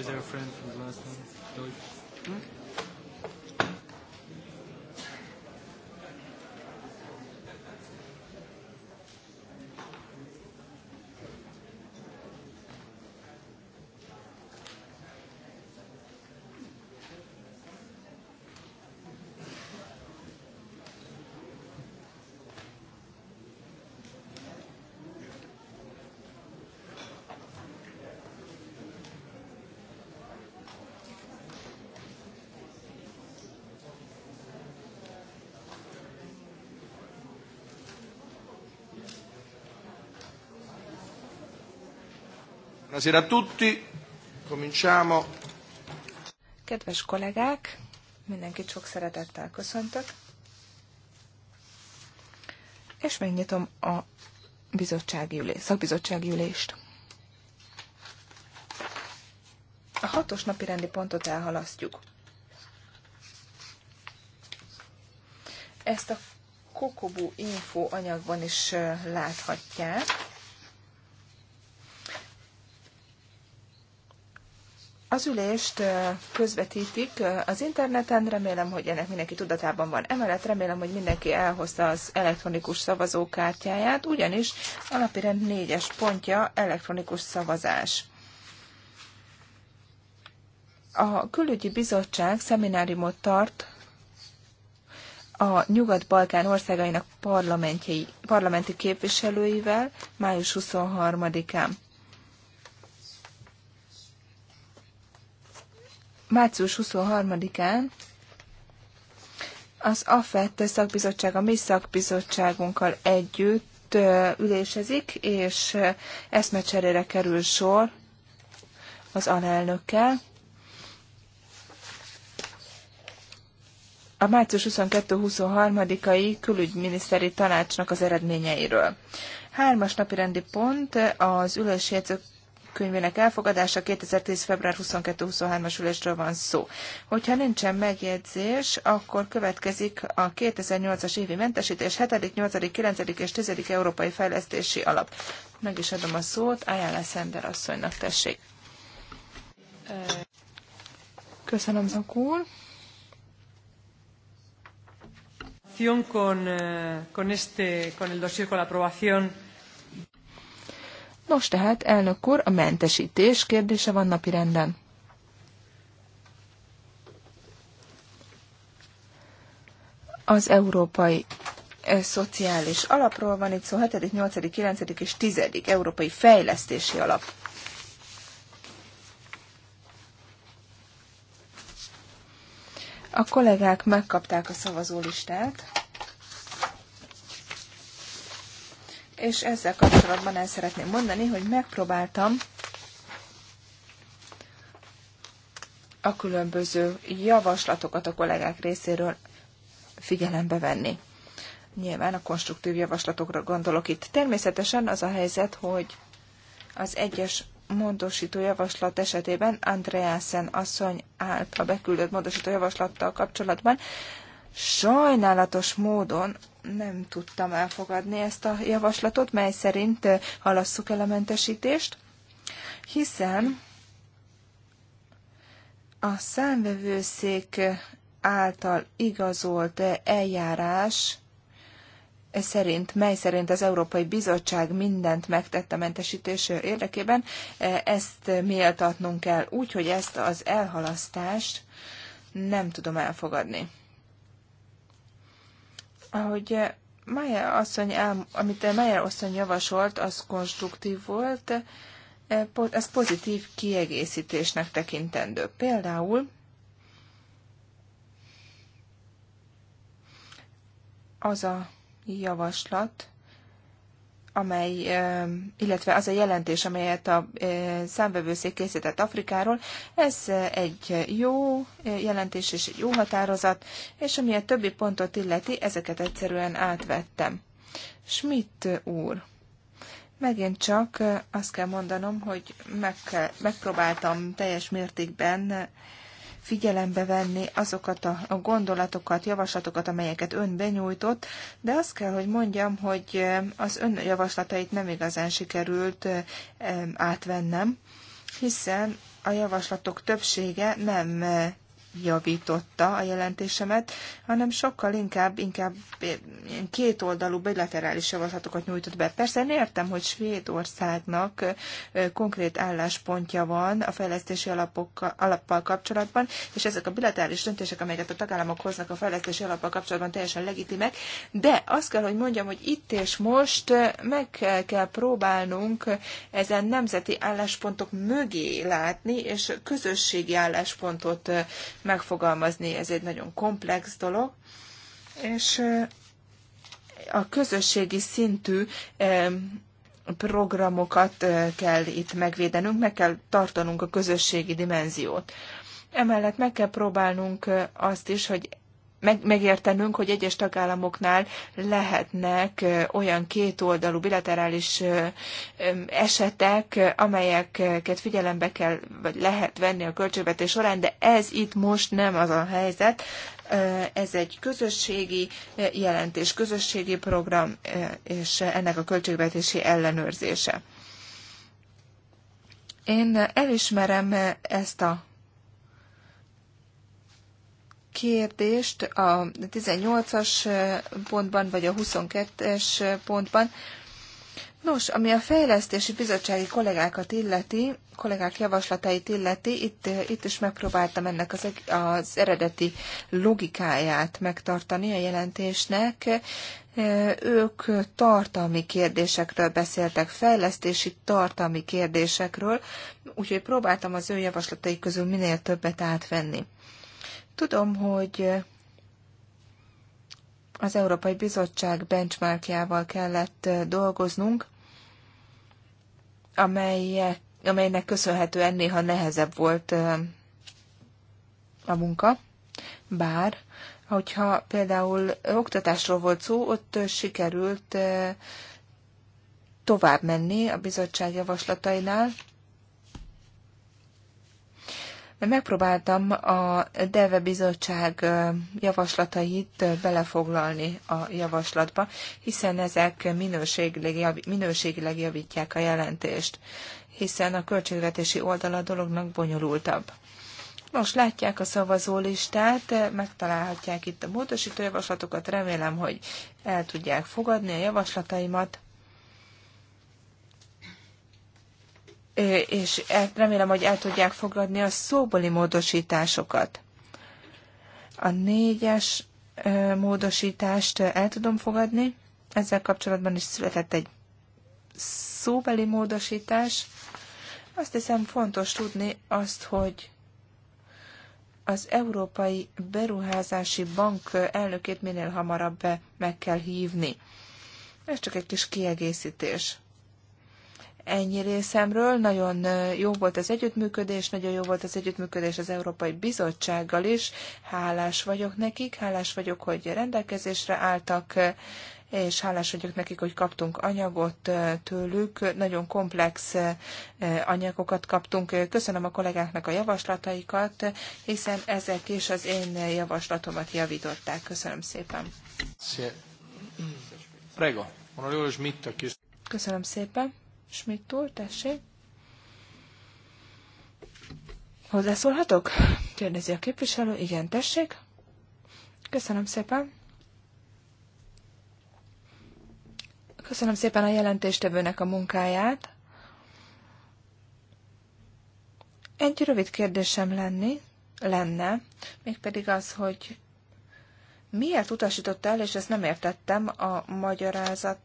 is our friend from the last time? Buonasera a tutti. Cominciamo. Kedves kollégák, mindenkit sok szeretettel köszöntök. És megnyitom a bizottsági ülés, szakbizottsági ülést. A hatos napi rendi pontot elhalasztjuk. Ezt a Kokobu info anyagban is láthatják. Az ülést közvetítik az interneten, remélem, hogy ennek mindenki tudatában van. Emellett remélem, hogy mindenki elhozta az elektronikus szavazókártyáját, ugyanis alapirend négyes pontja elektronikus szavazás. A külügyi bizottság szemináriumot tart a Nyugat-Balkán országainak parlamenti képviselőivel május 23-án. március 23-án az AFET szakbizottság, a mi szakbizottságunkkal együtt ülésezik, és eszmecserére kerül sor az alelnökkel. a március 22-23-ai külügyminiszteri tanácsnak az eredményeiről. Hármas napi rendi pont az ülésjegyzők könyvének elfogadása 2010. február 22-23-as ülésről van szó. Hogyha nincsen megjegyzés, akkor következik a 2008-as évi mentesítés 7., 8., 9. és 10. Európai Fejlesztési Alap. Meg is adom a szót Ayala Szender asszonynak, tessék. Köszönöm, Zakul. Con, eh, con este, con el dossier, con la aprobación Nos tehát, elnök úr, a mentesítés kérdése van napirenden. Az Európai eh, Szociális Alapról van itt szó, 7., 8., 9. és 10. Európai Fejlesztési Alap. A kollégák megkapták a szavazólistát. és ezzel kapcsolatban el szeretném mondani, hogy megpróbáltam a különböző javaslatokat a kollégák részéről figyelembe venni. Nyilván a konstruktív javaslatokra gondolok itt. Természetesen az a helyzet, hogy az egyes módosító javaslat esetében Andreasen asszony állt a beküldött módosító javaslattal kapcsolatban sajnálatos módon nem tudtam elfogadni ezt a javaslatot, mely szerint eh, halasszuk el a mentesítést, hiszen a számvevőszék eh, által igazolt eh, eljárás szerint, mely szerint az Európai Bizottság mindent megtett a mentesítés érdekében, ezt méltatnunk kell úgy, hogy ezt az elhalasztást nem tudom elfogadni ahogy Mayer asszony, el, amit Mayer asszony javasolt, az konstruktív volt, e, ez pozitív kiegészítésnek tekintendő. Például az a javaslat, amely, illetve az a jelentés, amelyet a számvevőszék készített Afrikáról, ez egy jó jelentés és egy jó határozat, és ami a többi pontot illeti, ezeket egyszerűen átvettem. Schmidt úr, megint csak azt kell mondanom, hogy meg, megpróbáltam teljes mértékben figyelembe venni azokat a gondolatokat, javaslatokat, amelyeket ön benyújtott, de azt kell, hogy mondjam, hogy az ön javaslatait nem igazán sikerült átvennem, hiszen a javaslatok többsége nem javította a jelentésemet, hanem sokkal inkább, inkább kétoldalú bilaterális javaslatokat nyújtott be. Persze én értem, hogy Svédországnak konkrét álláspontja van a fejlesztési alapok alappal kapcsolatban, és ezek a bilaterális döntések, amelyeket a tagállamok hoznak a fejlesztési alappal kapcsolatban teljesen legitimek, de azt kell, hogy mondjam, hogy itt és most meg kell próbálnunk ezen nemzeti álláspontok mögé látni, és közösségi álláspontot megfogalmazni. Ez egy nagyon komplex dolog, és a közösségi szintű programokat kell itt megvédenünk, meg kell tartanunk a közösségi dimenziót. Emellett meg kell próbálnunk azt is, hogy meg, megértenünk, hogy egyes tagállamoknál lehetnek olyan kétoldalú bilaterális esetek, amelyeket figyelembe kell, vagy lehet venni a költségvetés során, de ez itt most nem az a helyzet. Ez egy közösségi jelentés, közösségi program, és ennek a költségvetési ellenőrzése. Én elismerem ezt a kérdést a 18-as pontban, vagy a 22-es pontban. Nos, ami a fejlesztési bizottsági kollégákat illeti, kollégák javaslatait illeti, itt, itt is megpróbáltam ennek az, az eredeti logikáját megtartani a jelentésnek. Ők tartalmi kérdésekről beszéltek, fejlesztési tartalmi kérdésekről, úgyhogy próbáltam az ő javaslataik közül minél többet átvenni. Tudom, hogy az Európai Bizottság benchmarkjával kellett dolgoznunk, amelyek, amelynek köszönhetően néha nehezebb volt a munka, bár hogyha például oktatásról volt szó, ott sikerült tovább menni a bizottság javaslatainál, Megpróbáltam a DEVE bizottság javaslatait belefoglalni a javaslatba, hiszen ezek minőségileg, minőségileg javítják a jelentést, hiszen a költségvetési oldal a dolognak bonyolultabb. Most látják a szavazólistát, megtalálhatják itt a módosítójavaslatokat, remélem, hogy el tudják fogadni a javaslataimat. és remélem, hogy el tudják fogadni a szóbeli módosításokat. A négyes módosítást el tudom fogadni. Ezzel kapcsolatban is született egy szóbeli módosítás. Azt hiszem fontos tudni azt, hogy az Európai Beruházási Bank elnökét minél hamarabb be meg kell hívni. Ez csak egy kis kiegészítés ennyi részemről. Nagyon jó volt az együttműködés, nagyon jó volt az együttműködés az Európai Bizottsággal is. Hálás vagyok nekik, hálás vagyok, hogy rendelkezésre álltak, és hálás vagyok nekik, hogy kaptunk anyagot tőlük, nagyon komplex anyagokat kaptunk. Köszönöm a kollégáknak a javaslataikat, hiszen ezek is az én javaslatomat javították. Köszönöm szépen. Prego. Köszönöm szépen. Schmidt túl, tessék. Hozzászólhatok? Kérdezi a képviselő. Igen, tessék. Köszönöm szépen. Köszönöm szépen a jelentéstevőnek a munkáját. Egy rövid kérdésem lenni, lenne, mégpedig az, hogy miért utasította el, és ezt nem értettem a magyarázat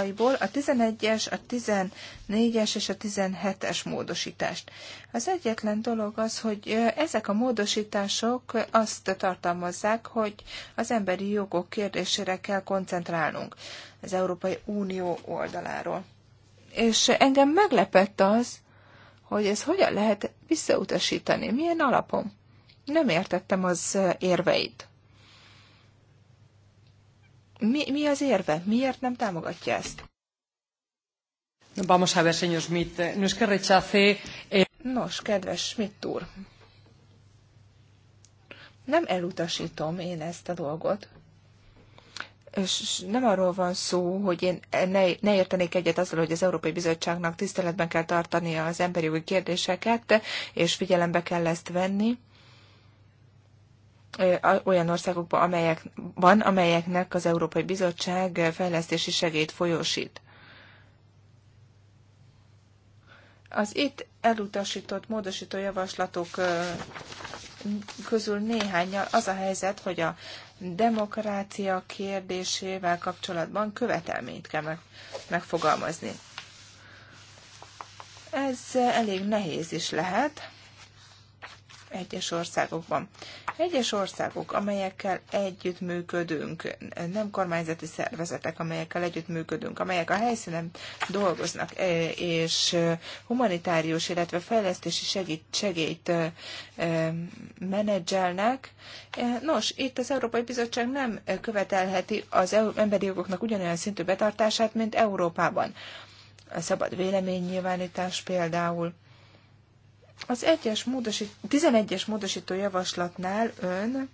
javaslataiból a 11-es, a 14-es és a 17-es módosítást. Az egyetlen dolog az, hogy ezek a módosítások azt tartalmazzák, hogy az emberi jogok kérdésére kell koncentrálnunk az Európai Unió oldaláról. És engem meglepett az, hogy ez hogyan lehet visszautasítani, milyen alapon. Nem értettem az érveit. Mi, mi az érve? Miért nem támogatja ezt? Vamos a ver, señor Schmidt. No es que rechace... Eh, Nos, kedves Schmidt úr, nem elutasítom én ezt a dolgot. És nem arról van szó, hogy én ne, ne értenék egyet azzal, hogy az Európai Bizottságnak tiszteletben kell tartania az emberi jogi kérdéseket, és figyelembe kell ezt venni olyan országokba, amelyek van, amelyeknek az Európai Bizottság fejlesztési segélyt folyósít. Az itt elutasított módosító javaslatok közül néhányal az a helyzet, hogy a demokrácia kérdésével kapcsolatban követelményt kell megfogalmazni. Ez elég nehéz is lehet egyes országokban. Egyes országok, amelyekkel együttműködünk, nem kormányzati szervezetek, amelyekkel együttműködünk, amelyek a helyszínen dolgoznak, e, és e, humanitárius, illetve fejlesztési segít, segélyt e, menedzselnek. Nos, itt az Európai Bizottság nem követelheti az emberi jogoknak ugyanolyan szintű betartását, mint Európában. A szabad véleménynyilvánítás például az egyes módosít, 11-es módosító javaslatnál ön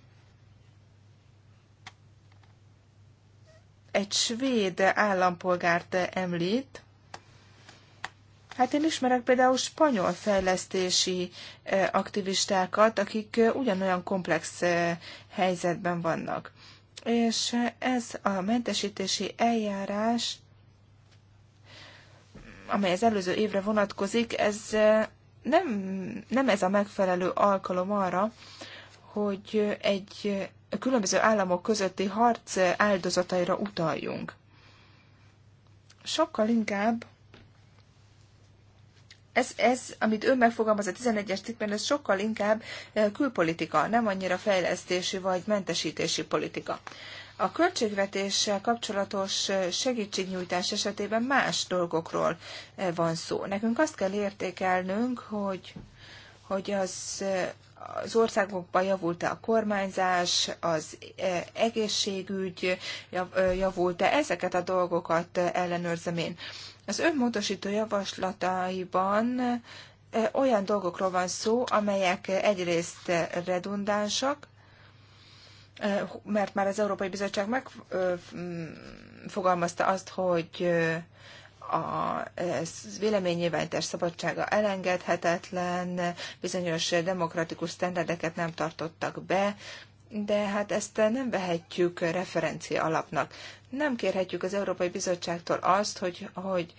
egy svéd állampolgárt említ. Hát én ismerek például spanyol fejlesztési e, aktivistákat, akik e, ugyanolyan komplex e, helyzetben vannak. És ez a mentesítési eljárás, amely az előző évre vonatkozik, ez nem, nem ez a megfelelő alkalom arra, hogy egy különböző államok közötti harc áldozataira utaljunk. Sokkal inkább ez, ez, amit ön megfogalmaz a 11-es cikkben, ez sokkal inkább külpolitika, nem annyira fejlesztési vagy mentesítési politika. A költségvetéssel kapcsolatos segítségnyújtás esetében más dolgokról eh, van szó. Nekünk azt kell értékelnünk, hogy, hogy az, eh, az országokban javult-e a kormányzás, az eh, egészségügy javult-e, ezeket a dolgokat ellenőrzem én. Az önmódosító javaslataiban olyan dolgokról van szó, amelyek egyrészt redundánsak, mert már az Európai Bizottság megfogalmazta azt, hogy a véleménynyilvánítás szabadsága elengedhetetlen, bizonyos demokratikus sztenderdeket nem tartottak be, de hát ezt nem vehetjük referencia alapnak. Nem kérhetjük az Európai Bizottságtól azt, hogy, hogy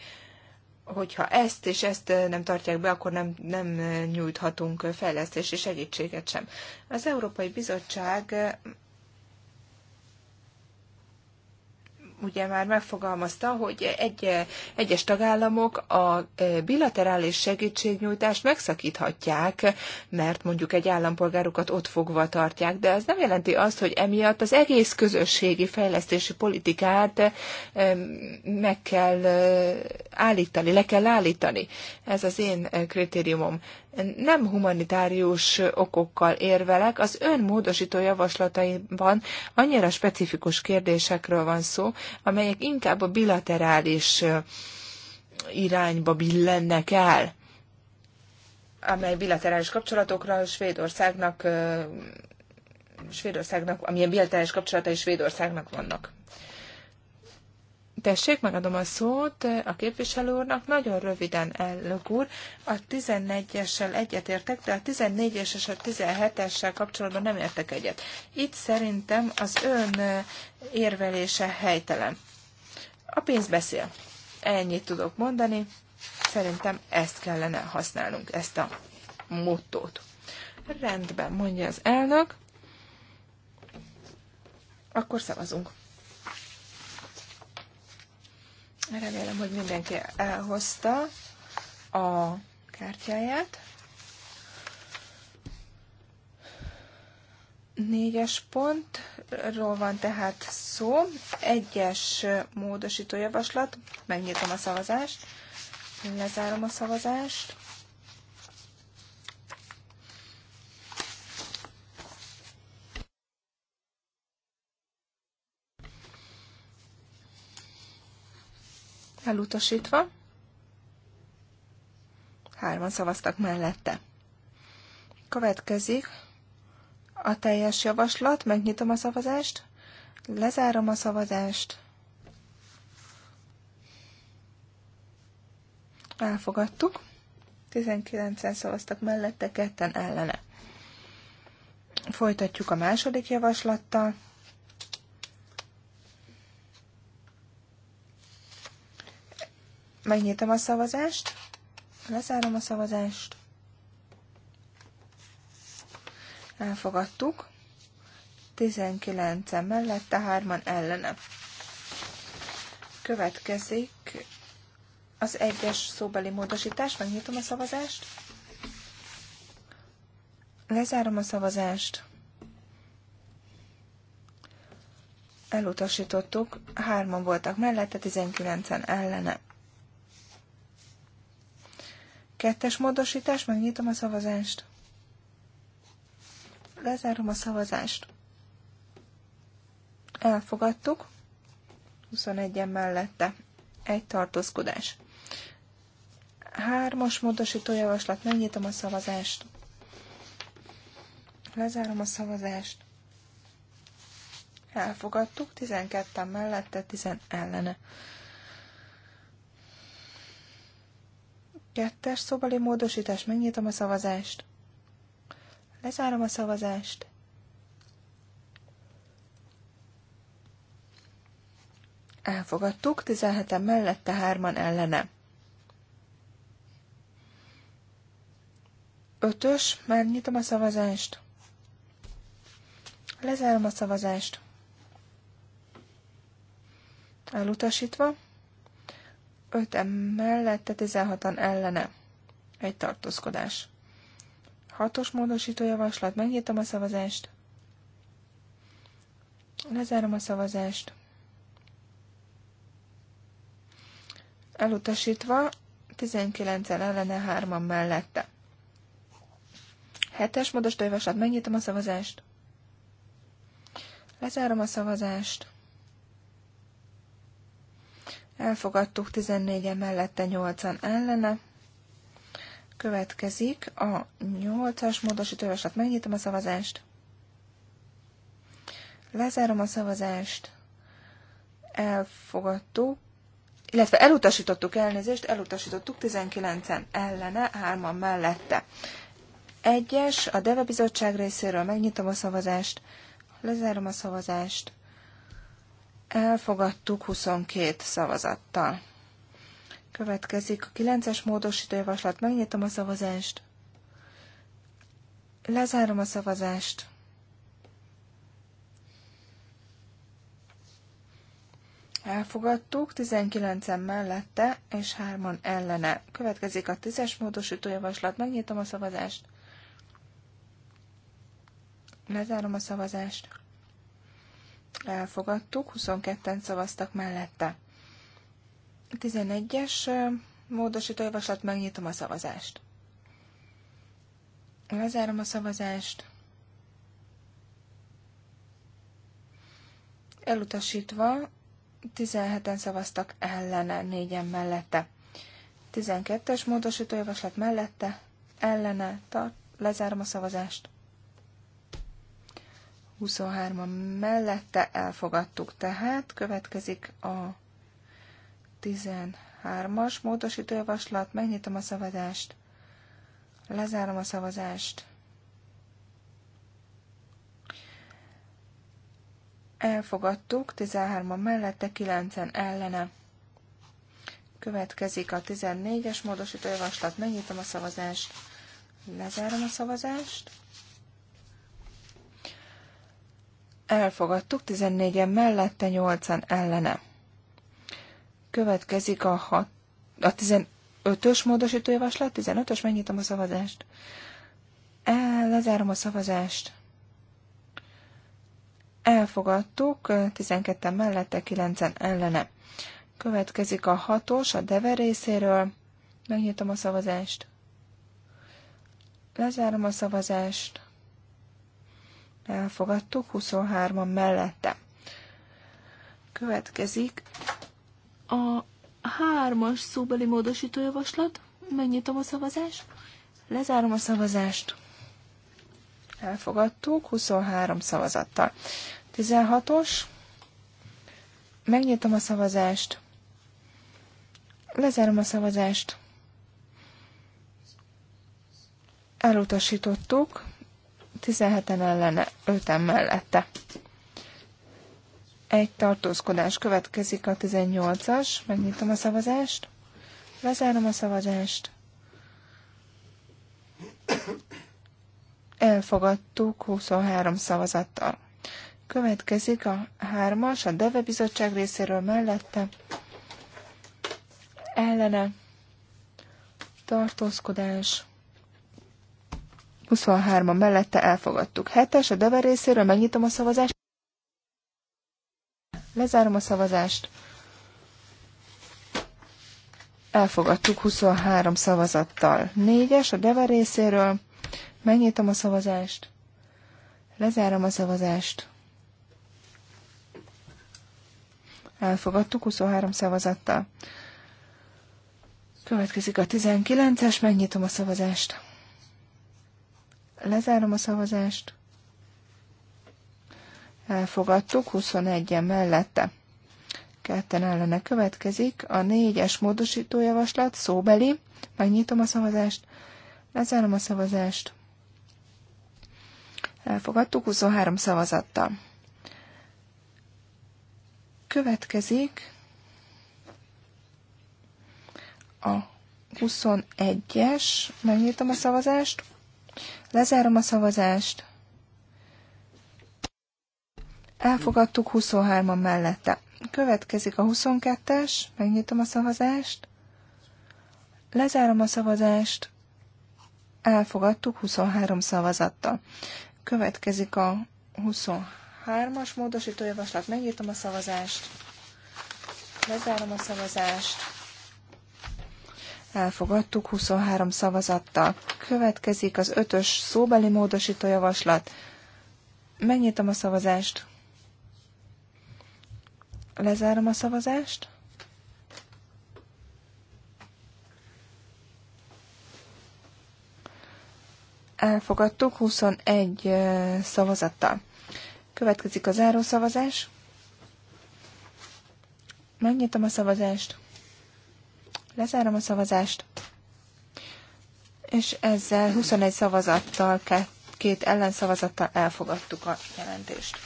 hogyha ezt és ezt nem tartják be, akkor nem, nem nyújthatunk fejlesztési segítséget sem. Az Európai Bizottság ugye már megfogalmazta, hogy egy, egyes tagállamok a e, bilaterális segítségnyújtást megszakíthatják, mert mondjuk egy állampolgárukat ott fogva tartják, de ez nem jelenti azt, hogy emiatt az egész közösségi fejlesztési politikát e, meg kell e, állítani, le kell állítani. Ez az én kritériumom nem humanitárius okokkal érvelek, az ön módosító javaslataiban annyira specifikus kérdésekről van szó, amelyek inkább a bilaterális irányba billennek el, amely bilaterális kapcsolatokra Svédországnak Svédországnak, amilyen bilaterális kapcsolatai Svédországnak vannak. Tessék, megadom a szót a képviselő úrnak. Nagyon röviden, elnök úr. A 14-essel egyetértek, de a 14-es és a 17-essel kapcsolatban nem értek egyet. Itt szerintem az ön érvelése helytelen. A pénz beszél. Ennyit tudok mondani. Szerintem ezt kellene használnunk, ezt a mottót. Rendben, mondja az elnök. Akkor szavazunk. Remélem, hogy mindenki elhozta a kártyáját. Négyes pontról van tehát szó. Egyes módosító javaslat. Megnyitom a szavazást. Lezárom a szavazást. elutasítva. Hárman szavaztak mellette. Következik a teljes javaslat, megnyitom a szavazást, lezárom a szavazást. Elfogadtuk. 19-en szavaztak mellette, ketten ellene. Folytatjuk a második javaslattal. Megnyitom a szavazást. Lezárom a szavazást. Elfogadtuk. 19 mellette, 3-an ellene. Következik az egyes szóbeli módosítás. Megnyitom a szavazást. Lezárom a szavazást. Elutasítottuk. Hárman voltak mellette, 19-en ellene. Kettes módosítás, megnyitom a szavazást. Lezárom a szavazást. Elfogadtuk. 21-en mellette. Egy tartózkodás. Hármas módosító javaslat, megnyitom a szavazást. Lezárom a szavazást. Elfogadtuk, 12 mellette, 10 ellene. Kettes szobali módosítás, megnyitom a szavazást. Lezárom a szavazást. Elfogadtuk, 17-en mellette, hárman ellene. Ötös, megnyitom a szavazást. Lezárom a szavazást. Elutasítva. 5 mellette, 16-an ellene. Egy tartózkodás. Hatos módosító javaslat. Megnyitom a szavazást. Lezárom a szavazást. Elutasítva 19 el ellene, 3-an mellette. Hetes módosító javaslat. Megnyitom a szavazást. Lezárom a szavazást. Elfogadtuk 14 -e mellette 8-an ellene. Következik a 8-as javaslat. Megnyitom a szavazást. Lezárom a szavazást. Elfogadtuk. Illetve elutasítottuk elnézést, elutasítottuk 19-en ellene, 3-an mellette. Egyes, a Deve Bizottság részéről megnyitom a szavazást, lezárom a szavazást, Elfogadtuk 22 szavazattal. Következik a 9-es módosítójavaslat. Megnyitom a szavazást. Lezárom a szavazást. Elfogadtuk, 19-en mellette és 3-an ellene. Következik a 10-es módosítójavaslat. Megnyitom a szavazást. Lezárom a szavazást elfogadtuk, 22-en szavaztak mellette. 11-es javaslat, megnyitom a szavazást. Lezárom a szavazást. Elutasítva 17-en szavaztak ellene, négyen mellette. 12-es módosítójavaslat mellette, ellene, tart, lezárom a szavazást. 23-an mellette elfogadtuk, tehát következik a 13-as módosítójavaslat, megnyitom a szavazást, lezárom a szavazást, elfogadtuk, 13-an mellette, 9-en ellene. Következik a 14-es módosítójavaslat, megnyitom a szavazást, lezárom a szavazást, elfogadtuk, 14-en mellette, 8-an ellene. Következik a, hat, a 15-ös módosítójavaslat, 15-ös, megnyitom a szavazást. El, lezárom a szavazást. Elfogadtuk, 12-en mellette, 9-en ellene. Következik a 6-os, a Deve részéről. Megnyitom a szavazást. Lezárom a szavazást elfogadtuk, 23-an mellette. Következik a hármas szóbeli módosítójavaslat. Megnyitom a szavazást, lezárom a szavazást. Elfogadtuk 23 szavazattal. 16-os, megnyitom a szavazást, lezárom a szavazást. Elutasítottuk 17-en ellene, 5 mellette. Egy tartózkodás következik a 18-as. Megnyitom a szavazást. Lezárom a szavazást. Elfogadtuk 23 szavazattal. Következik a 3-as, a Deve Bizottság részéről mellette. Ellene. Tartózkodás 23-a mellette elfogadtuk. 7-es a Dever részéről, megnyitom a szavazást. Lezárom a szavazást. Elfogadtuk 23 szavazattal. 4-es a Dever részéről, megnyitom a szavazást. Lezárom a szavazást. Elfogadtuk 23 szavazattal. Következik a 19-es, megnyitom a szavazást. Lezárom a szavazást. Elfogadtuk, 21-en mellette. Ketten ellene következik a négyes módosítójavaslat, szóbeli. Megnyitom a szavazást. Lezárom a szavazást. Elfogadtuk 23 szavazattal. Következik a 21-es, megnyitom a szavazást, Lezárom a szavazást. Elfogadtuk 23-an mellette. Következik a 22-es, megnyitom a szavazást. Lezárom a szavazást. Elfogadtuk 23 szavazattal. Következik a 23-as módosítójavaslat, megnyitom a szavazást. Lezárom a szavazást elfogadtuk 23 szavazattal. Következik az ötös szóbeli módosító javaslat. Megnyitom a szavazást. Lezárom a szavazást. Elfogadtuk 21 szavazattal. Következik a szavazás. Megnyitom a szavazást. Lezárom a szavazást. És ezzel 21 szavazattal, két ellenszavazattal elfogadtuk a jelentést.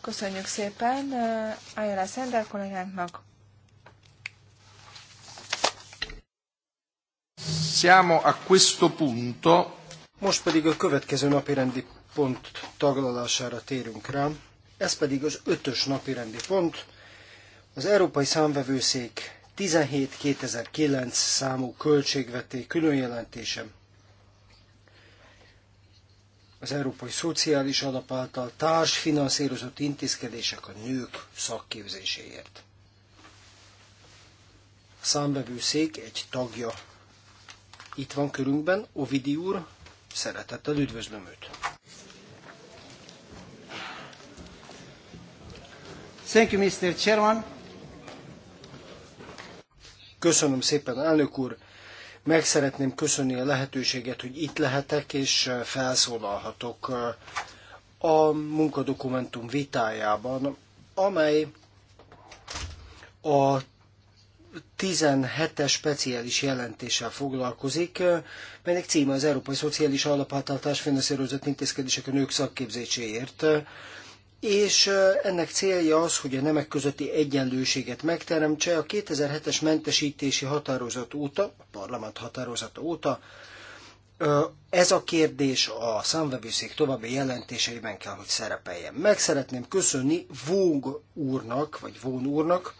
Köszönjük szépen uh, Ayala Szender kollégánknak. Siamo a questo punto. Most pedig a következő napirendi pont taglalására térünk rá. Ez pedig az ötös napirendi pont, az Európai Számvevőszék 17-2009 számú költségveté különjelentése az Európai Szociális Alap által társfinanszírozott intézkedések a nők szakképzéséért. A számbevőszék egy tagja itt van körünkben, Ovidi úr, szeretettel üdvözlöm őt. Thank you, Mr. Chairman. Köszönöm szépen, elnök úr! Meg szeretném köszönni a lehetőséget, hogy itt lehetek és felszólalhatok a munkadokumentum vitájában, amely a 17-es speciális jelentéssel foglalkozik, melynek címe az Európai Szociális Alapátállás finanszírozott intézkedések a nők szakképzéséért és ennek célja az, hogy a nemek közötti egyenlőséget megteremtse. A 2007-es mentesítési határozat óta, a parlament határozata óta, ez a kérdés a számvevőszék további jelentéseiben kell, hogy szerepeljen. Meg szeretném köszönni Vóg úrnak, vagy Vón úrnak,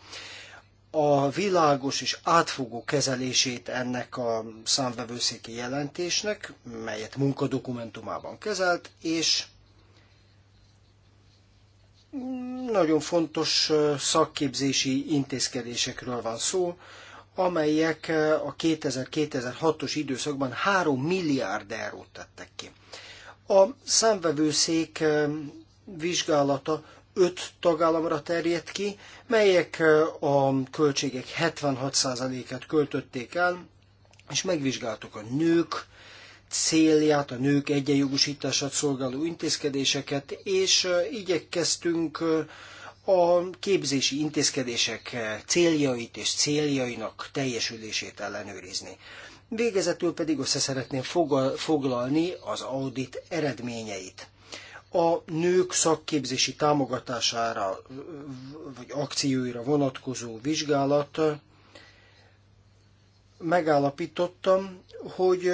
a világos és átfogó kezelését ennek a számvevőszéki jelentésnek, melyet munkadokumentumában kezelt, és nagyon fontos szakképzési intézkedésekről van szó, amelyek a 2000-2006-os időszakban 3 milliárd eurót tettek ki. A számvevőszék vizsgálata öt tagállamra terjedt ki, melyek a költségek 76%-át költötték el, és megvizsgáltuk a nők célját, a nők egyenjogosítását szolgáló intézkedéseket, és igyekeztünk a képzési intézkedések céljait és céljainak teljesülését ellenőrizni. Végezetül pedig össze szeretném foglalni az audit eredményeit a nők szakképzési támogatására vagy akcióira vonatkozó vizsgálat megállapítottam, hogy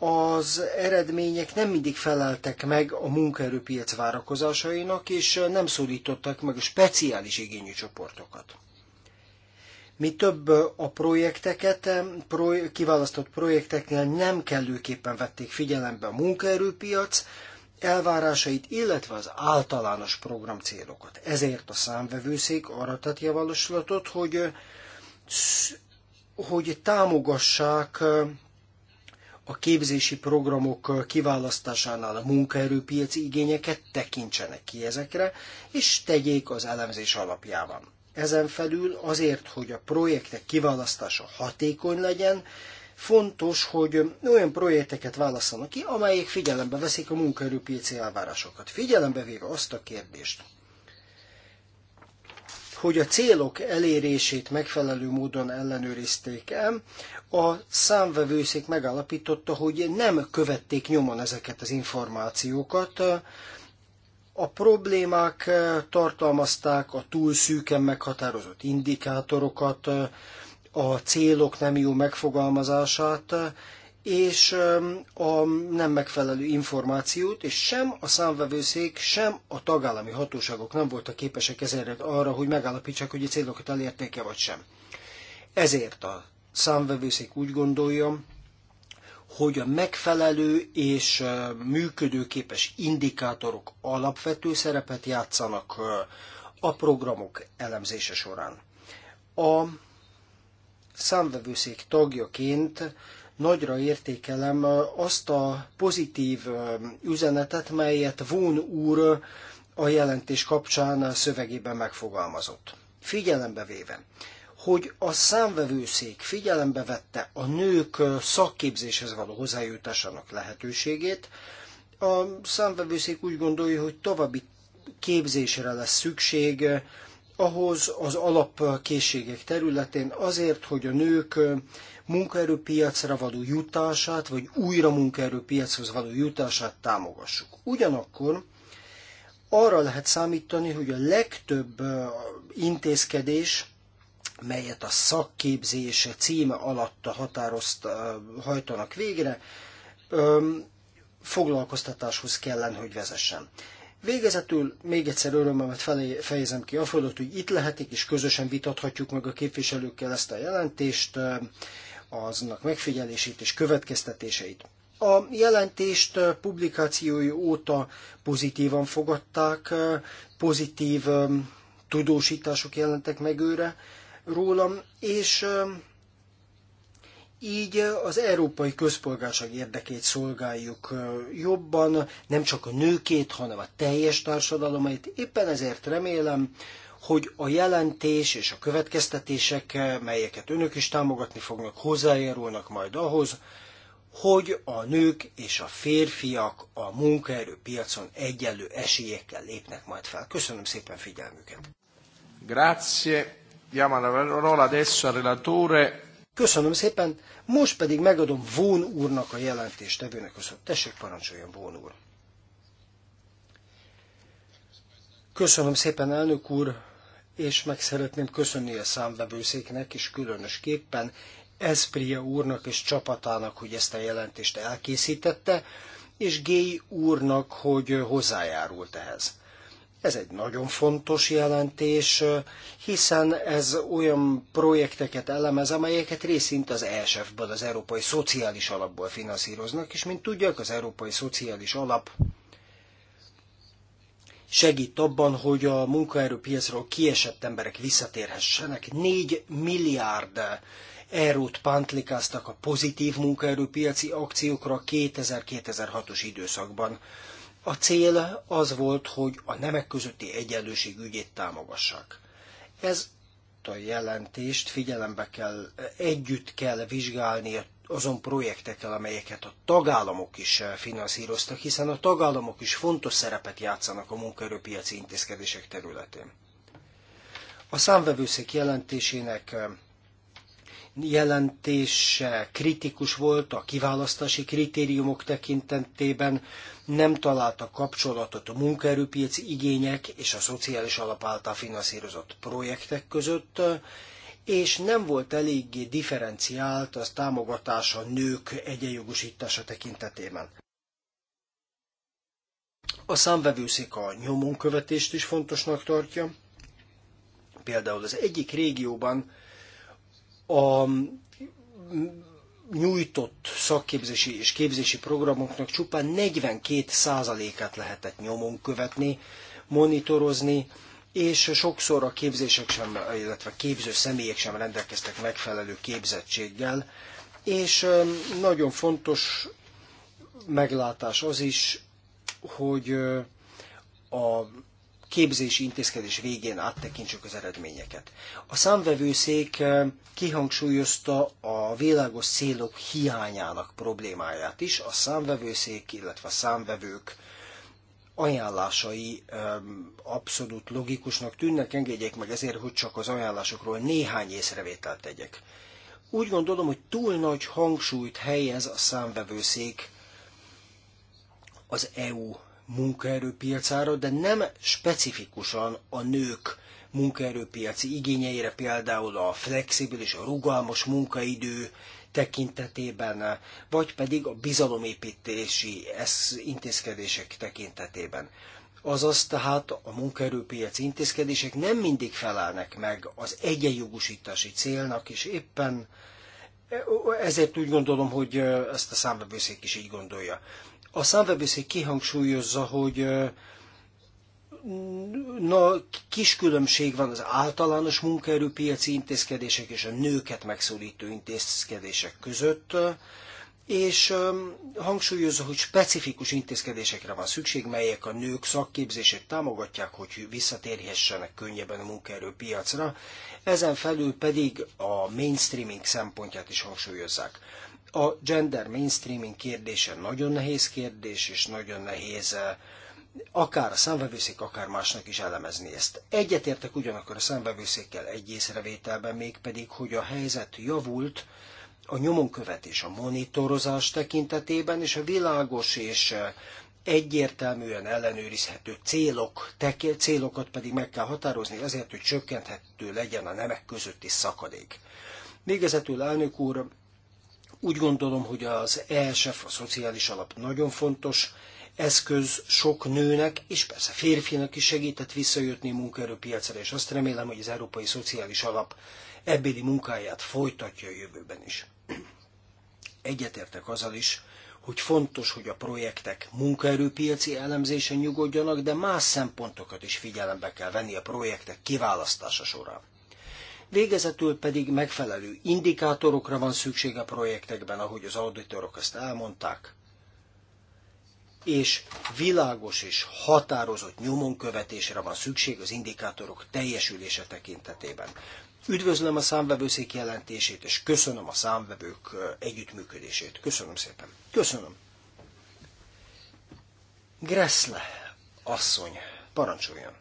az eredmények nem mindig feleltek meg a munkaerőpiac várakozásainak, és nem szólítottak meg a speciális igényű csoportokat. Mi több a projekteket, kiválasztott projekteknél nem kellőképpen vették figyelembe a munkaerőpiac elvárásait, illetve az általános programcélokat. Ezért a számvevőszék arra tett javaslatot, hogy, hogy támogassák a képzési programok kiválasztásánál a munkaerőpiaci igényeket tekintsenek ki ezekre, és tegyék az elemzés alapjában. Ezen felül azért, hogy a projektek kiválasztása hatékony legyen, fontos, hogy olyan projekteket válasszanak ki, amelyek figyelembe veszik a munkaerőpiaci elvárásokat. Figyelembe véve azt a kérdést, hogy a célok elérését megfelelő módon ellenőrizték el. A számvevőszék megállapította, hogy nem követték nyomon ezeket az információkat, a problémák tartalmazták a túl szűken meghatározott indikátorokat, a célok nem jó megfogalmazását, és a nem megfelelő információt, és sem a számvevőszék, sem a tagállami hatóságok nem voltak képesek ezért arra, hogy megállapítsák, hogy a célokat elérték-e vagy sem. Ezért a számvevőszék úgy gondolja, hogy a megfelelő és működőképes indikátorok alapvető szerepet játszanak a programok elemzése során. A számvevőszék tagjaként Nagyra értékelem azt a pozitív üzenetet, melyet Vón úr a jelentés kapcsán a szövegében megfogalmazott. Figyelembe véve, hogy a számvevőszék figyelembe vette a nők szakképzéshez való hozzájutásának lehetőségét, a számvevőszék úgy gondolja, hogy további képzésre lesz szükség, ahhoz az alapkészségek területén azért, hogy a nők munkaerőpiacra való jutását, vagy újra munkaerőpiachoz való jutását támogassuk. Ugyanakkor arra lehet számítani, hogy a legtöbb intézkedés, melyet a szakképzése címe alatt határozt hajtanak végre, foglalkoztatáshoz kellene, hogy vezessen. Végezetül még egyszer örömömet fejezem ki a fölött, hogy itt lehetik, és közösen vitathatjuk meg a képviselőkkel ezt a jelentést, eh, aznak megfigyelését és következtetéseit. A jelentést eh, publikációi óta pozitívan fogadták, eh, pozitív tudósítások jelentek meg őre rólam, és így az európai közpolgárság érdekét szolgáljuk jobban, nem csak a nőkét, hanem a teljes társadalomait. Éppen ezért remélem, hogy a jelentés és a következtetések, melyeket önök is támogatni fognak, hozzájárulnak majd ahhoz, hogy a nők és a férfiak a munkaerőpiacon egyenlő esélyekkel lépnek majd fel. Köszönöm szépen figyelmüket. Grazie. Diamo la parola adesso al relatore Köszönöm szépen, most pedig megadom Vón úrnak a jelentéstevőnek a szót. Tessék, parancsoljon Vón úr. Köszönöm szépen, elnök úr, és meg szeretném köszönni a számvevőszéknek, és különösképpen Eszpria úrnak és csapatának, hogy ezt a jelentést elkészítette, és Géi úrnak, hogy hozzájárult ehhez. Ez egy nagyon fontos jelentés, hiszen ez olyan projekteket elemez, amelyeket részint az esf ben az Európai Szociális Alapból finanszíroznak, és mint tudják, az Európai Szociális Alap segít abban, hogy a munkaerőpiacról kiesett emberek visszatérhessenek. 4 milliárd eurót pántlikáztak a pozitív munkaerőpiaci akciókra 2000-2006-os időszakban. A cél az volt, hogy a nemek közötti egyenlőség ügyét támogassák. Ez a jelentést figyelembe kell, együtt kell vizsgálni azon projektekkel, amelyeket a tagállamok is finanszíroztak, hiszen a tagállamok is fontos szerepet játszanak a munkaerőpiaci intézkedések területén. A számvevőszék jelentésének jelentés kritikus volt a kiválasztási kritériumok tekintetében, nem találta kapcsolatot a munkaerőpiaci igények és a szociális alap által finanszírozott projektek között, és nem volt eléggé differenciált az támogatása nők egyenjogosítása tekintetében. A számvevőszék a nyomonkövetést is fontosnak tartja. Például az egyik régióban a nyújtott szakképzési és képzési programoknak csupán 42%-át lehetett nyomon követni, monitorozni, és sokszor a képzések sem, illetve képző személyek sem rendelkeztek megfelelő képzettséggel, és nagyon fontos meglátás az is, hogy a képzési intézkedés végén áttekintsük az eredményeket. A számvevőszék eh, kihangsúlyozta a világos célok hiányának problémáját is. A számvevőszék, illetve a számvevők ajánlásai abszolút logikusnak tűnnek, engedjék meg ezért, hogy csak az ajánlásokról néhány észrevételt tegyek. Úgy gondolom, hogy túl nagy hangsúlyt helyez a számvevőszék az EU munkaerőpiacára, de nem specifikusan a nők munkaerőpiaci igényeire, például a flexibilis, a rugalmas munkaidő tekintetében, vagy pedig a bizalomépítési intézkedések tekintetében. Azaz tehát a munkaerőpiaci intézkedések nem mindig felelnek meg az egyenjogosítási célnak, és éppen e, ezért úgy gondolom, hogy e, ezt a számbevőszék is így gondolja. A számvevőszék kihangsúlyozza, hogy na, kis különbség van az általános munkaerőpiaci intézkedések és a nőket megszólító intézkedések között, és hangsúlyozza, hogy specifikus intézkedésekre van szükség, melyek a nők szakképzését támogatják, hogy visszatérhessenek könnyebben a munkaerőpiacra, ezen felül pedig a mainstreaming szempontját is hangsúlyozzák a gender mainstreaming kérdése nagyon nehéz kérdés, és nagyon nehéz eh, akár a szemvevőszék, akár másnak is elemezni ezt. Egyetértek ugyanakkor a szemvevőszékkel egy észrevételben, mégpedig, hogy a helyzet javult a nyomonkövetés, a monitorozás tekintetében, és a világos és eh, egyértelműen ellenőrizhető célok, teké, célokat pedig meg kell határozni azért, hogy csökkenthető legyen a nemek közötti szakadék. Végezetül elnök úr, úgy gondolom, hogy az ESF, a szociális alap nagyon fontos eszköz sok nőnek, és persze férfinak is segített visszajutni munkaerőpiacra, és azt remélem, hogy az Európai Szociális Alap ebbéli munkáját folytatja a jövőben is. Egyetértek azzal is, hogy fontos, hogy a projektek munkaerőpiaci elemzésen nyugodjanak, de más szempontokat is figyelembe kell venni a projektek kiválasztása során. Végezetül pedig megfelelő indikátorokra van szükség a projektekben, ahogy az auditorok ezt elmondták, és világos és határozott nyomonkövetésre van szükség az indikátorok teljesülése tekintetében. Üdvözlöm a számvevőszék jelentését, és köszönöm a számvevők együttműködését. Köszönöm szépen. Köszönöm. Gressle asszony, parancsoljon.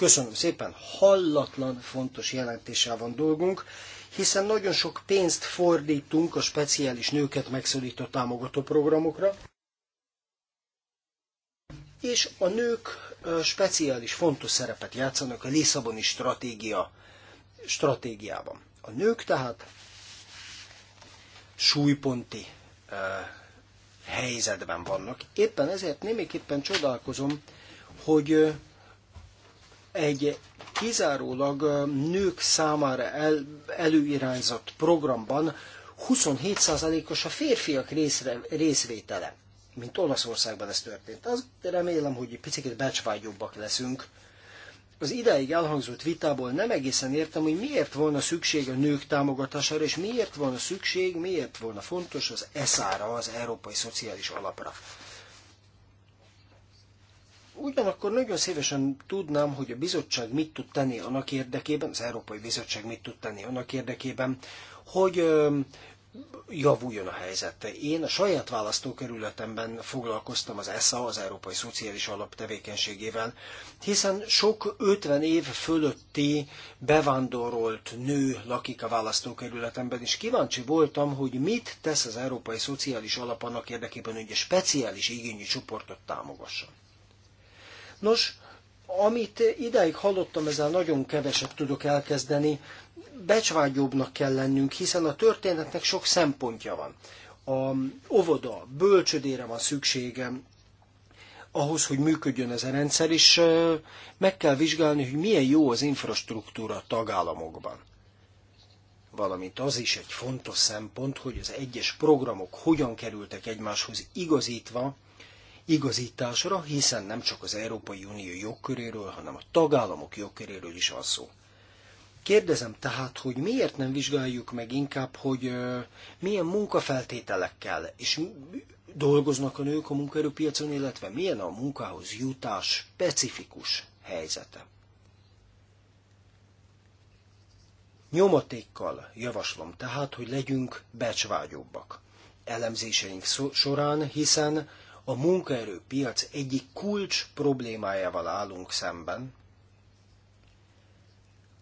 Köszönöm szépen, hallatlan fontos jelentéssel van dolgunk, hiszen nagyon sok pénzt fordítunk a speciális nőket megszólító támogató programokra, és a nők speciális fontos szerepet játszanak a Lisszaboni stratégia, stratégiában. A nők tehát súlyponti helyzetben vannak. Éppen ezért némiképpen csodálkozom, hogy egy kizárólag nők számára el, előirányzott programban 27%-os a férfiak részre, részvétele, mint Olaszországban ez történt. Az remélem, hogy egy picit becsvágyobbak leszünk. Az ideig elhangzott vitából nem egészen értem, hogy miért volna szükség a nők támogatására, és miért volna szükség, miért volna fontos az ESZ-ra, az Európai Szociális Alapra. Ugyanakkor nagyon szívesen tudnám, hogy a bizottság mit tud tenni annak érdekében, az Európai Bizottság mit tud tenni annak érdekében, hogy javuljon a helyzet. Én a saját választókerületemben foglalkoztam az ESA, az Európai Szociális Alap tevékenységével, hiszen sok 50 év fölötti bevándorolt nő lakik a választókerületemben, és kíváncsi voltam, hogy mit tesz az Európai Szociális Alap annak érdekében, hogy egy speciális igényű csoportot támogassa. Nos, amit idáig hallottam, ezzel nagyon keveset tudok elkezdeni. becsvágyóbbnak kell lennünk, hiszen a történetnek sok szempontja van. A óvoda, bölcsödére van szükségem, ahhoz, hogy működjön ez a rendszer, és meg kell vizsgálni, hogy milyen jó az infrastruktúra a tagállamokban. Valamint az is egy fontos szempont, hogy az egyes programok hogyan kerültek egymáshoz igazítva, igazításra, hiszen nem csak az Európai Unió jogköréről, hanem a tagállamok jogköréről is van szó. Kérdezem tehát, hogy miért nem vizsgáljuk meg inkább, hogy milyen munkafeltételekkel és dolgoznak a nők a munkaerőpiacon, illetve milyen a munkához jutás specifikus helyzete. Nyomatékkal javaslom tehát, hogy legyünk becsvágyóbbak. elemzéseink során, hiszen a munkaerőpiac egyik kulcs problémájával állunk szemben.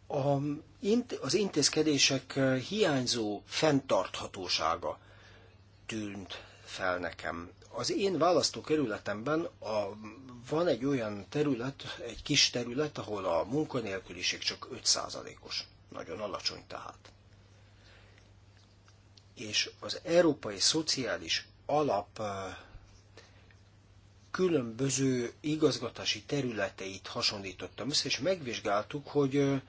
A, az intézkedések eh, hiányzó fenntarthatósága tűnt fel nekem. Az én választókerületemben a, van egy olyan terület, egy kis terület, ahol a munkanélküliség csak 5%-os. Nagyon alacsony tehát. És az Európai Szociális Alap eh, különböző igazgatási területeit hasonlítottam össze, és megvizsgáltuk, hogy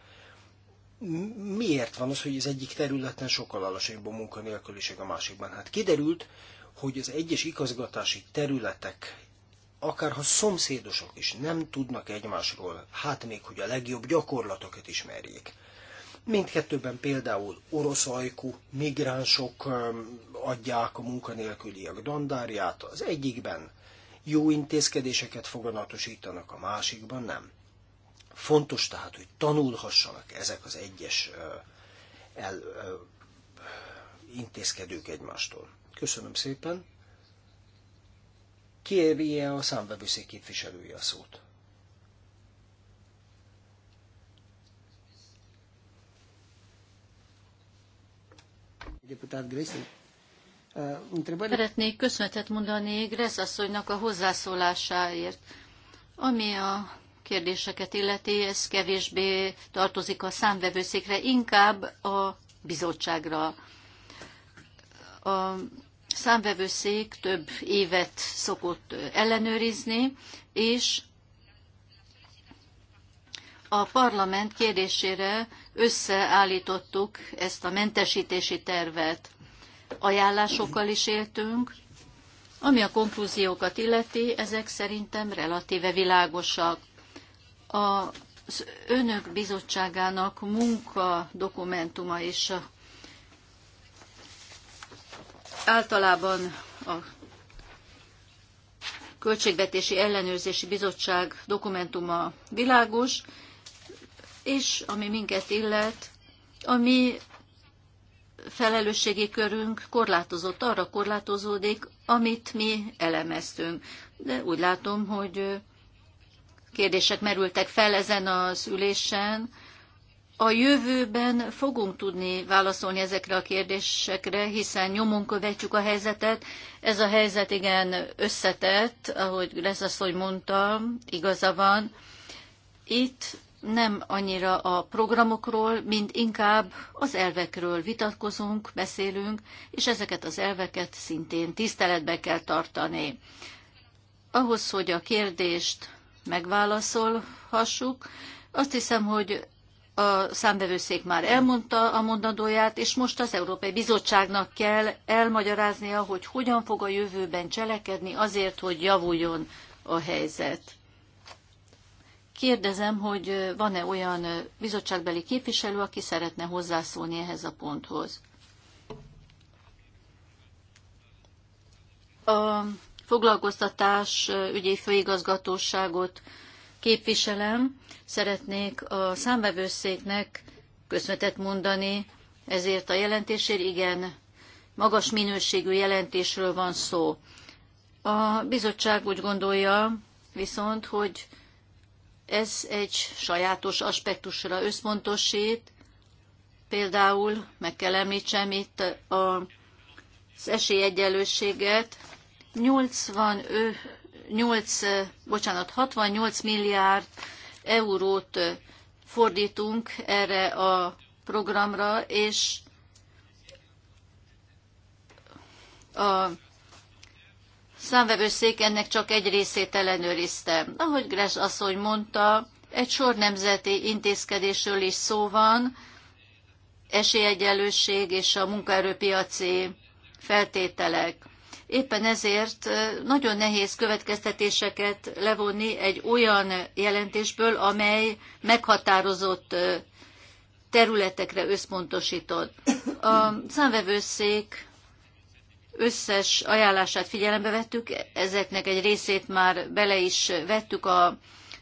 miért van az, hogy az egyik területen sokkal alacsonyabb a munkanélküliség a másikban. Hát kiderült, hogy az egyes igazgatási területek, akár ha szomszédosok is nem tudnak egymásról, hát még hogy a legjobb gyakorlatokat ismerjék. Mindkettőben például ajkú migránsok adják a munkanélküliek dandárját, az egyikben jó intézkedéseket foganatosítanak, a másikban nem. Fontos tehát, hogy tanulhassanak ezek az egyes el, uh, intézkedők egymástól. Köszönöm szépen. Kérje a számbevőszék képviselője a szót. Deputát Grészi. Eh, Szeretnék köszönetet mondani Gressz asszonynak a hozzászólásáért. Ami a kérdéseket illeti, ez kevésbé tartozik a számvevőszékre, inkább a bizottságra. A számvevőszék több évet szokott ellenőrizni, és a parlament kérdésére összeállítottuk ezt a mentesítési tervet ajánlásokkal is éltünk. Ami a konklúziókat illeti, ezek szerintem relatíve világosak. Az önök bizottságának munka dokumentuma is általában a Költségvetési Ellenőrzési Bizottság dokumentuma világos, és ami minket illet, ami felelősségi körünk korlátozott, arra korlátozódik, amit mi elemeztünk. De úgy látom, hogy kérdések merültek fel ezen az ülésen. A jövőben fogunk tudni válaszolni ezekre a kérdésekre, hiszen nyomon követjük a helyzetet. Ez a helyzet igen összetett, ahogy lesz azt, hogy mondtam, igaza van. Itt nem annyira a programokról, mint inkább az elvekről vitatkozunk, beszélünk, és ezeket az elveket szintén tiszteletbe kell tartani. Ahhoz, hogy a kérdést megválaszolhassuk, azt hiszem, hogy a számbevőszék már elmondta a mondandóját, és most az Európai Bizottságnak kell elmagyaráznia, hogy hogyan fog a jövőben cselekedni azért, hogy javuljon a helyzet. Kérdezem, hogy van-e olyan bizottságbeli képviselő, aki szeretne hozzászólni ehhez a ponthoz. A foglalkoztatás ügyi főigazgatóságot képviselem. Szeretnék a számvevőszéknek köszönetet mondani ezért a jelentésért. Igen, magas minőségű jelentésről van szó. A bizottság úgy gondolja viszont, hogy ez egy sajátos aspektusra összpontosít, például meg kell említsem itt a, az esélyegyenlőséget, 80, 8, bocsánat, 68 milliárd eurót fordítunk erre a programra, és a számvevőszék ennek csak egy részét ellenőrizte. Ahogy Gres asszony mondta, egy sor nemzeti intézkedésről is szó van, esélyegyenlőség és a munkaerőpiaci feltételek. Éppen ezért nagyon nehéz következtetéseket levonni egy olyan jelentésből, amely meghatározott területekre összpontosított. A számvevőszék összes ajánlását figyelembe vettük, ezeknek egy részét már bele is vettük a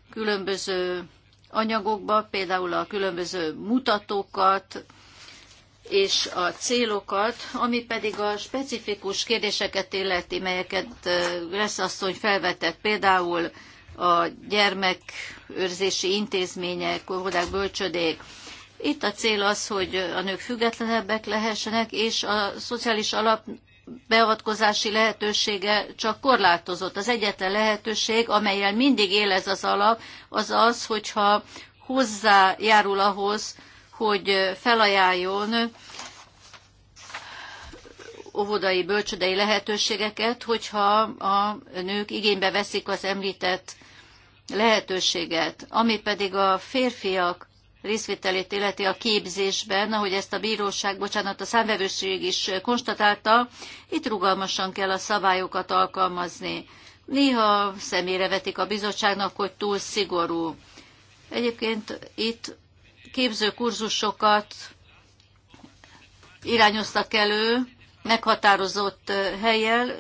különböző anyagokba, például a különböző mutatókat és a célokat, ami pedig a specifikus kérdéseket illeti, melyeket Gressz asszony felvetett, például a gyermekőrzési intézmények, óvodák, bölcsödék. Itt a cél az, hogy a nők függetlenebbek lehessenek, és a szociális alap beavatkozási lehetősége csak korlátozott. Az egyetlen lehetőség, amelyel mindig él ez az alap, az az, hogyha hozzájárul ahhoz, hogy felajánljon óvodai, bölcsödei lehetőségeket, hogyha a nők igénybe veszik az említett lehetőséget. Ami pedig a férfiak részvételét illeti a képzésben, ahogy ezt a bíróság, bocsánat, a számvevőség is konstatálta, itt rugalmasan kell a szabályokat alkalmazni. Néha személyre vetik a bizottságnak, hogy túl szigorú. Egyébként itt képzőkurzusokat irányoztak elő meghatározott helyel,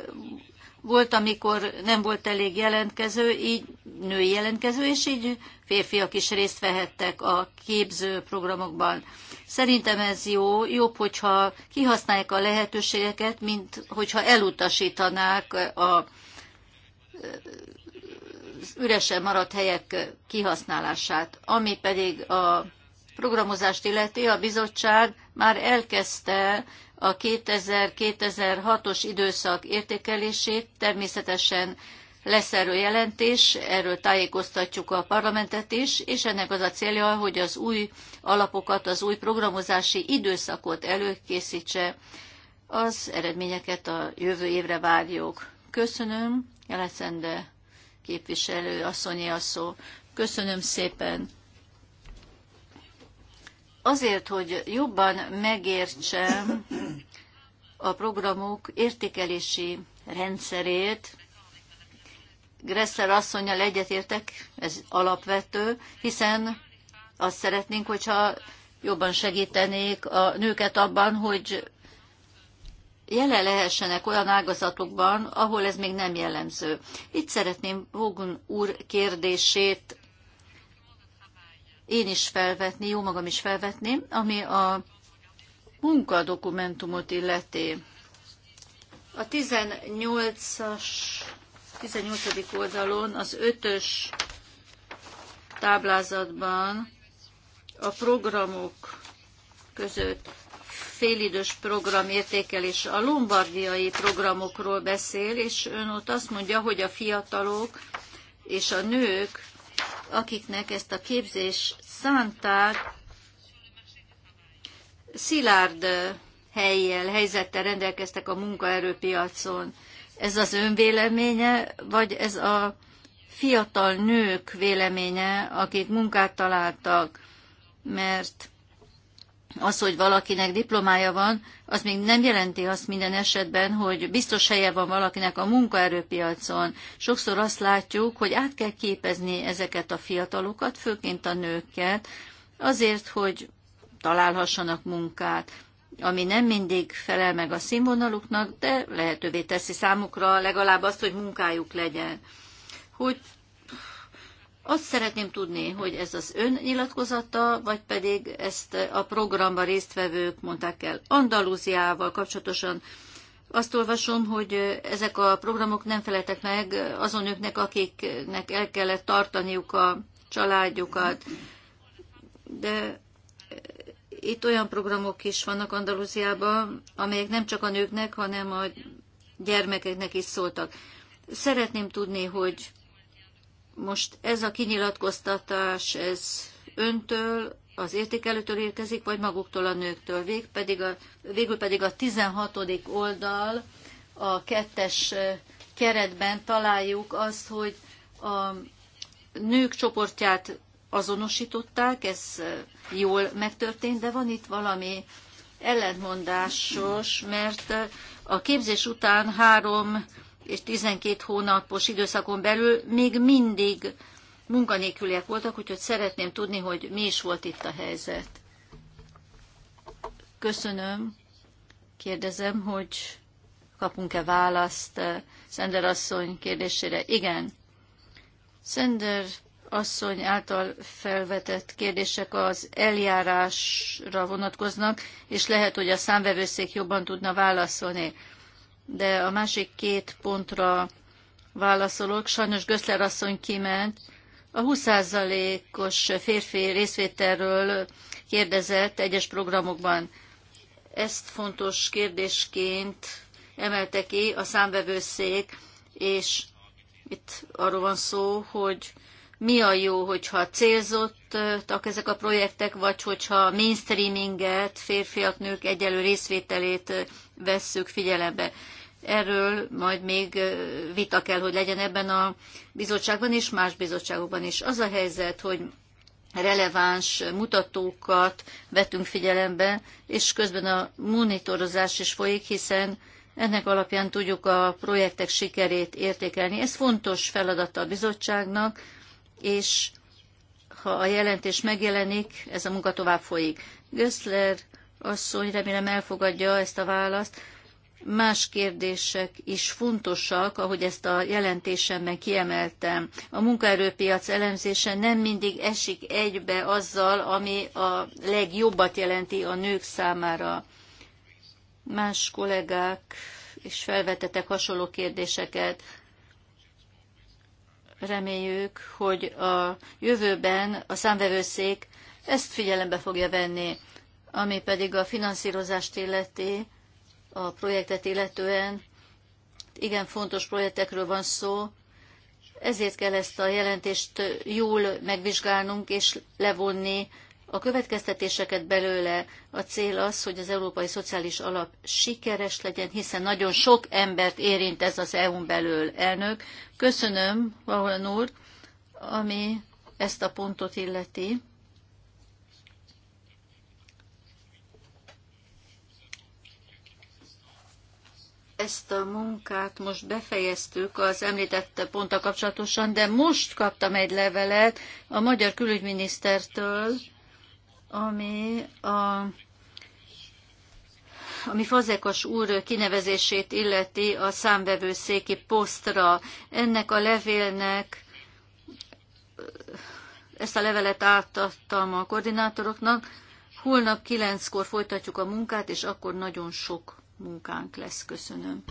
volt, amikor nem volt elég jelentkező, így női jelentkező, és így férfiak is részt vehettek a képző programokban. Szerintem ez jó, jobb, hogyha kihasználják a lehetőségeket, mint hogyha elutasítanák a üresen maradt helyek kihasználását. Ami pedig a programozást illeti, a bizottság már elkezdte a 2000-2006-os időszak értékelését. Természetesen lesz erről jelentés, erről tájékoztatjuk a parlamentet is, és ennek az a célja, hogy az új alapokat, az új programozási időszakot előkészítse. Az eredményeket a jövő évre várjuk. Köszönöm, Jelecende képviselő asszonyi asszó, Köszönöm szépen azért, hogy jobban megértsem a programok értékelési rendszerét, Gressler asszonyjal egyetértek, ez alapvető, hiszen azt szeretnénk, hogyha jobban segítenék a nőket abban, hogy jelen lehessenek olyan ágazatokban, ahol ez még nem jellemző. Itt szeretném Vogun úr kérdését én is felvetni, jó magam is felvetni, ami a munkadokumentumot illeti. A 18-as, 18. oldalon az 5-ös táblázatban a programok között félidős program értékelés a lombardiai programokról beszél, és ön ott azt mondja, hogy a fiatalok és a nők akiknek ezt a képzés szánták, szilárd helyjel, helyzettel rendelkeztek a munkaerőpiacon. Ez az véleménye, vagy ez a fiatal nők véleménye, akik munkát találtak, mert az, hogy valakinek diplomája van, az még nem jelenti azt minden esetben, hogy biztos helye van valakinek a munkaerőpiacon. Sokszor azt látjuk, hogy át kell képezni ezeket a fiatalokat, főként a nőket, azért, hogy találhassanak munkát, ami nem mindig felel meg a színvonaluknak, de lehetővé teszi számukra legalább azt, hogy munkájuk legyen. Hogy azt szeretném tudni, hogy ez az ön nyilatkozata, vagy pedig ezt a programban résztvevők mondták el Andalúziával kapcsolatosan. Azt olvasom, hogy ezek a programok nem feleltek meg azon nőknek, akiknek el kellett tartaniuk a családjukat. De itt olyan programok is vannak Andalúziában, amelyek nem csak a nőknek, hanem a gyermekeknek is szóltak. Szeretném tudni, hogy most ez a kinyilatkoztatás, ez öntől, az értékelőtől érkezik, vagy maguktól a nőktől. Vég pedig a, végül pedig a 16. oldal a kettes keretben találjuk azt, hogy a nők csoportját azonosították, ez jól megtörtént, de van itt valami ellentmondásos, mert a képzés után három és 12 hónapos időszakon belül még mindig munkanélküliek voltak, úgyhogy szeretném tudni, hogy mi is volt itt a helyzet. Köszönöm. Kérdezem, hogy kapunk-e választ eh, Szender asszony kérdésére. Igen. Szender asszony által felvetett kérdések az eljárásra vonatkoznak, és lehet, hogy a számvevőszék jobban tudna válaszolni de a másik két pontra válaszolok. Sajnos Göszler asszony kiment. A 20%-os férfi részvételről kérdezett egyes programokban. Ezt fontos kérdésként emelte ki a számvevőszék, és itt arról van szó, hogy mi a jó, hogyha célzottak ezek a projektek, vagy hogyha mainstreaminget, férfiak, nők egyelő részvételét vesszük figyelembe. Erről majd még vita kell, hogy legyen ebben a bizottságban és más bizottságokban is. Az a helyzet, hogy releváns mutatókat vetünk figyelembe, és közben a monitorozás is folyik, hiszen ennek alapján tudjuk a projektek sikerét értékelni. Ez fontos feladata a bizottságnak, és ha a jelentés megjelenik, ez a munka tovább folyik. Göszler asszony remélem elfogadja ezt a választ. Más kérdések is fontosak, ahogy ezt a jelentésemben kiemeltem. A munkaerőpiac elemzése nem mindig esik egybe azzal, ami a legjobbat jelenti a nők számára. Más kollégák és felvetettek hasonló kérdéseket. Reméljük, hogy a jövőben a számvevőszék ezt figyelembe fogja venni, ami pedig a finanszírozást illeti, a projektet illetően. Igen fontos projektekről van szó, ezért kell ezt a jelentést jól megvizsgálnunk és levonni a következtetéseket belőle. A cél az, hogy az Európai Szociális Alap sikeres legyen, hiszen nagyon sok embert érint ez az EU-n belül, elnök. Köszönöm, Vaholan úr, ami ezt a pontot illeti. ezt a munkát most befejeztük az említett ponttal kapcsolatosan, de most kaptam egy levelet a magyar külügyminisztertől, ami a ami Fazekas úr kinevezését illeti a számvevőszéki posztra. Ennek a levélnek, ezt a levelet átadtam a koordinátoroknak. Holnap kilenckor folytatjuk a munkát, és akkor nagyon sok munkánk lesz. Köszönöm.